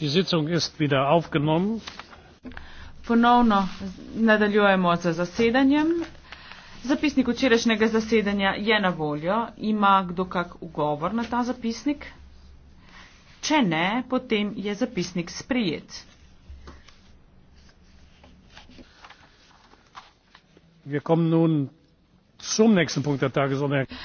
Die Sitzung ist wieder aufgenommen. Ponovno nadaljujemo z zasedanjem. Zapisnik včerajšnjega zasedanja je na voljo. Ima kdo kak ugovor na ta zapisnik? Če ne, potem je zapisnik sprijet. Wir kommen nun zum nächsten Punkt der Tagesordnung.